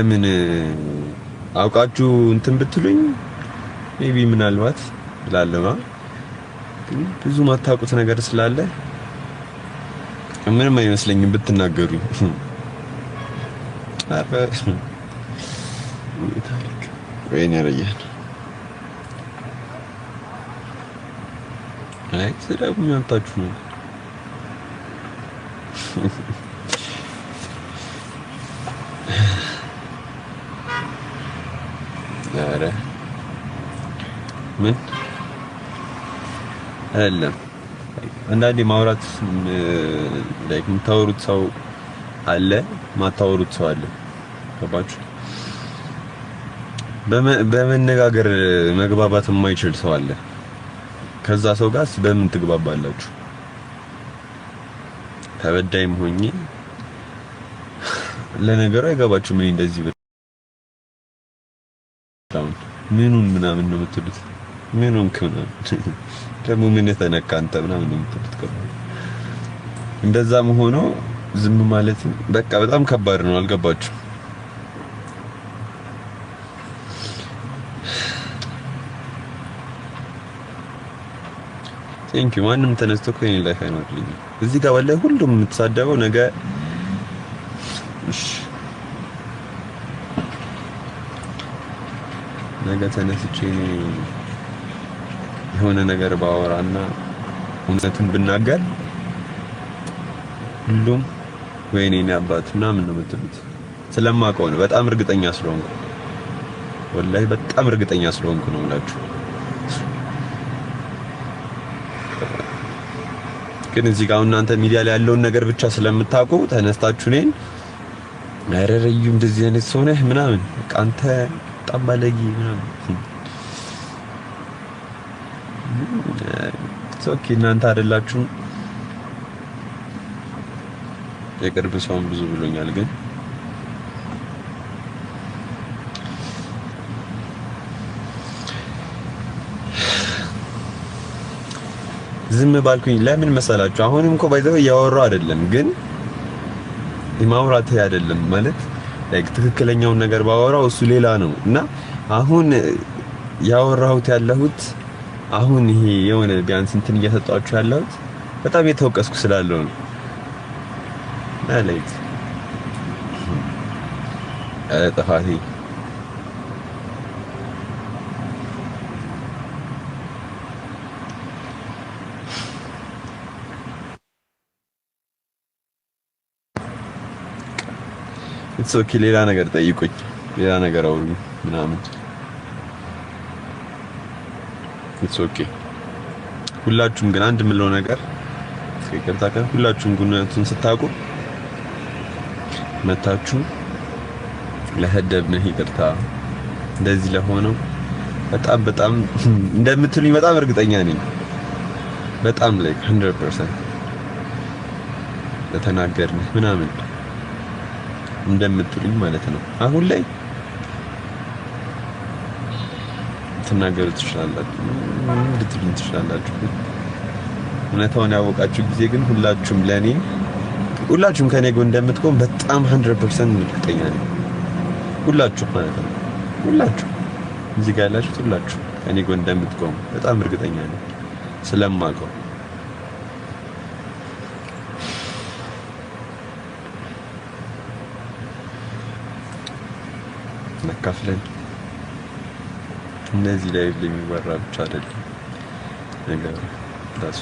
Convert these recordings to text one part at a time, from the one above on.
ለምን አውቃችሁ እንትን ብትሉኝ ሜቢ ምናልባት ላለማ ግን ብዙ ማታውቁት ነገር ስላለ ምንም አይመስለኝም ብትናገሩ። ወይኔ ረያን አይ ስለ ምን ነው? ኧረ ምን አይደለም። አንዳንዴ ማውራት ላይክ የምታወሩት ሰው አለ፣ ማታወሩት ሰው አለ። ገባችሁ? በመነጋገር መግባባት የማይችል ሰው አለ። ከዛ ሰው ጋር በምን ትግባባላችሁ? ተበዳይም ሆኜ ለነገሩ አይገባችሁ ምን እንደዚህ ምኑን ምናምን ነው የምትሉት? ምኑን ከምናምን ደግሞ ምን የተነካ አንተ ምናምን ነው የምትሉት? እንደዛም ሆኖ ዝም ማለት በቃ በጣም ከባድ ነው። አልገባችሁ? ቴንክ ዩ። ማንም ተነስቶ እኮ የኔ ላይፍ አይኖርልኝም። እዚህ ጋር ባለ ሁሉም የምትሳደበው ነገ ነገ ተነስቼ የሆነ ነገር ባወራና እውነትን ብናገር ሁሉም ወይኔ እኔ አባት ምናምን ነው የምትሉት። ስለማውቀው ነው፣ በጣም እርግጠኛ ስለሆንኩ ወላሂ፣ በጣም እርግጠኛ ስለሆንኩ ነው የምላችሁ። ግን እዚህ ጋር እናንተ ሚዲያ ላይ ያለውን ነገር ብቻ ስለምታውቁ ተነስታችሁ እኔን ኧረ እንደዚህ አይነት ሰው ነህ ምናምን አንተ በጣም ባለጌ ኦኬ እናንተ አይደላችሁም። የቅርብ ሰውን ብዙ ብሎኛል ግን ዝም ባልኩኝ ለምን መሰላችሁ? አሁንም እኮ ባይዘው እያወራሁ አይደለም ግን የማውራት አይደለም ማለት ትክክለኛውን ነገር ባወራው እሱ ሌላ ነው እና አሁን ያወራሁት ያለሁት አሁን ይሄ የሆነ ቢያንስ እንትን እያሰጧችሁ ያለሁት በጣም የተወቀስኩ ስላለው ነው። ማለት ጥፋቴ ኢትስ ኦኬ። ሌላ ነገር ጠይቁኝ፣ ሌላ ነገር አውሩኝ ምናምን ኢትስ ኦኬ። ሁላችሁም ግን አንድ የምለው ነገር ይቅርታ ካል ሁላችሁም ጉነቱን ስታውቁ መታችሁ ለሰደብንህ ይቅርታ እንደዚህ ለሆነው በጣም በጣም እንደምትሉኝ በጣም እርግጠኛ ነኝ። በጣም ላይክ 100% ለተናገርን ምናምን እንደምትሉኝ ማለት ነው። አሁን ላይ ትናገሩ ትችላላችሁ፣ ልትሉኝ ትችላላችሁ። እውነታውን ያወቃችሁ ጊዜ ግን ሁላችሁም ለኔ ሁላችሁም ከኔ ጎን እንደምትቆም በጣም 100% እርግጠኛ ነኝ። ሁላችሁ ማለት ነው ሁላችሁ እዚህ ጋር ያላችሁት ሁላችሁ ከኔ ጎን እንደምትቆም በጣም እርግጠኛ ነኝ ስለማውቀው መካፍለን እነዚህ ላይ የሚወራ ብቻ አይደለም ነገር ዳስ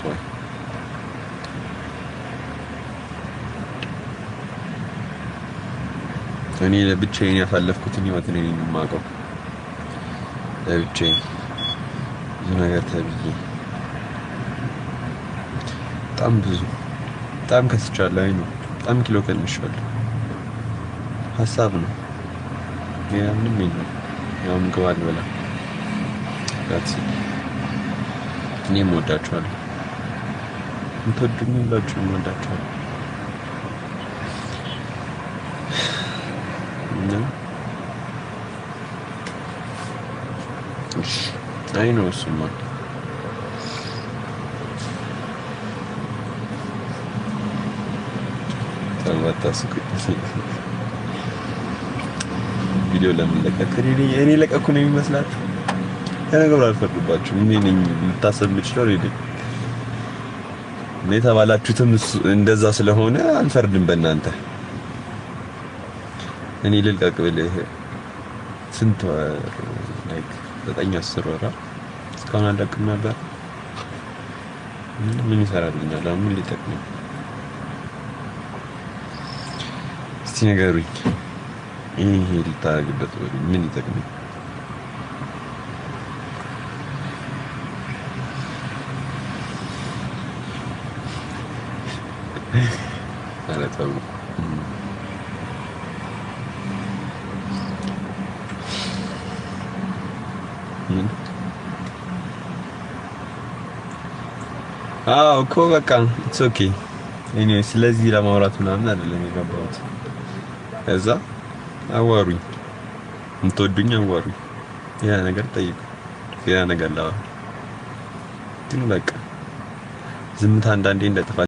እኔ ለብቻዬን ያሳለፍኩትን ህይወት ነው የማውቀው። ለብቻዬን ብዙ ነገር ተብዬ በጣም ብዙ በጣም ከስቻለሁ። አይ ነው በጣም ኪሎ ቀንሻለሁ። ሀሳብ ነው ሌላ ምንም የለም። ያው ምግብ አልበላም። ጋት እኔም ወዳችኋለሁ። የምትወዱኝ ሁላችሁም ወዳችኋለሁ። አይ ነው እሱማ ተባታስኩ ቪዲዮ ለምን ለቀክ? እኔ ለቀቅኩ ነው የሚመስላችሁ? ለነገሩ አልፈርድባችሁም። እኔ ነኝ ልታሰብ የምችለው እኔ ነኝ። የተባላችሁትም እንደዛ ስለሆነ አልፈርድም በእናንተ። እኔ ልልቀቅ ብልህ ስንት ላይክ ዘጠኝ አስር ወራ እስካሁን አልለቅም ነበር። ምን ይሰራልኛል? ምን ሊጠቅም እስቲ ንገሩኝ። ይሄ ይሄ ልታደርግበት ምን ይጠቅም? አዎ እኮ በቃ ኢትስ ኦኬ። ስለዚህ ለማውራት ምናምን አይደለም የገባሁት እዛ አዋሩኝ፣ እንትወዱኝ አዋሩኝ። ያ ነገር ጠይቁ፣ ያ ነገር ላወራ ግን በቃ ዝምታ አንዳንዴ እንደ